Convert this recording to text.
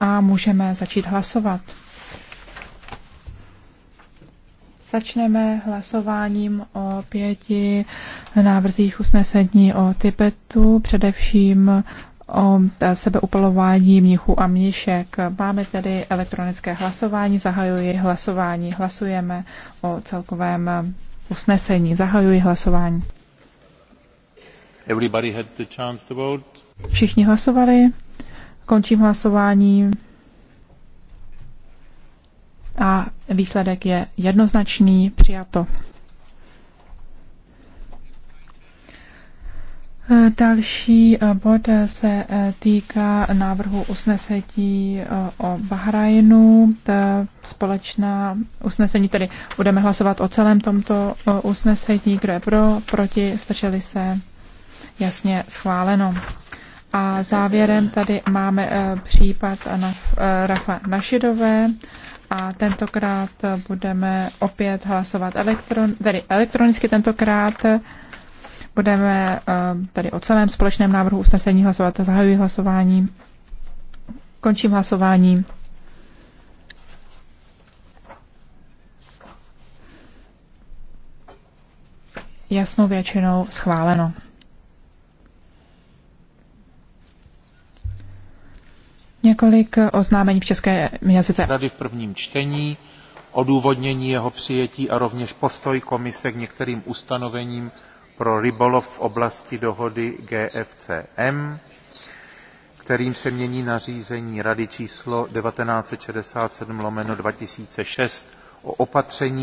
a můžeme začít hlasovat. Začneme hlasováním o pěti návrzích usnesení o Tibetu, především o sebeupalování mnichů a mnišek. Máme tedy elektronické hlasování, zahajuji hlasování, hlasujeme o celkovém usnesení, zahajuji hlasování. Everybody had the chance to vote. Všichni hlasovali. Končím hlasování. A výsledek je jednoznačný, přijato. Další eh, bod eh, se eh, týká návrhu usnesení o Bahrajnu. Ta společná usnesení, tedy budeme hlasovat o celém tomto usnesení, kdo je pro, proti, strčeli se, jasně schváleno. A závěrem tady máme eh, případ eh, Rafa Našidové a tentokrát budeme opět hlasovat elektron, tedy elektronicky tentokrát budeme eh, tady o celém společném návrhu usnesení hlasovat. Zahajuji hlasování. Končím hlasování. Jasnou většinou schváleno. Několik eh, oznámení v české jazyce. Rady v prvním čtení, odůvodnění jeho přijetí a rovněž postoj komise k některým ustanovením pro rybolov v oblasti dohody GFCM, kterým se mění nařízení Rady číslo 1967 lomeno 2006 o opatřeních